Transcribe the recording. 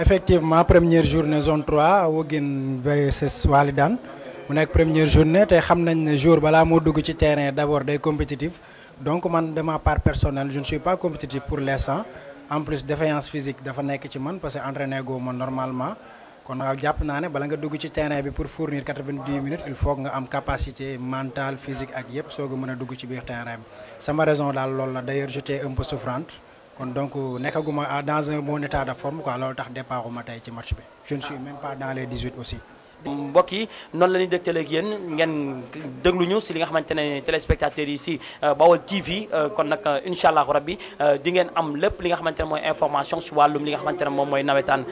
effectivement première journée zone 3 Woguin VSS Walidane mu nekk première journée te xam nañ ne jour balaa moo dugg ci terrain d' abord day compétitif donc man de ma part personnelle je ne suis pas compétitif pour l'instant en plus défaillance physique dafa nekk ci man parce que entraîné goo ma normalement kon waaw jàpp naa ne bala nga dugg ci terrain bi pour fournir 90 minutes il faut nga am capacité mentale physique ak yëpp soo ko mën a dugg ci biir terrain bi sama daal loolu la d' ailleurs j'étais kon donc nekkaguma dans un bon état de forme quoi loolu tax départuma tey ci match bi je ne suis même pas dans les 18 aussi mbokk yi noonu la ñuy dégtale ak yéen ngeen dégluñu si li nga xamante ne téléspectateurs yi si euh, Baol TV euh, kon nag euh, incha allahu rabbi di ngeen am lépp li nga xamante ne mooy information si wàllum li nga xamante ne moom mooy nawetaan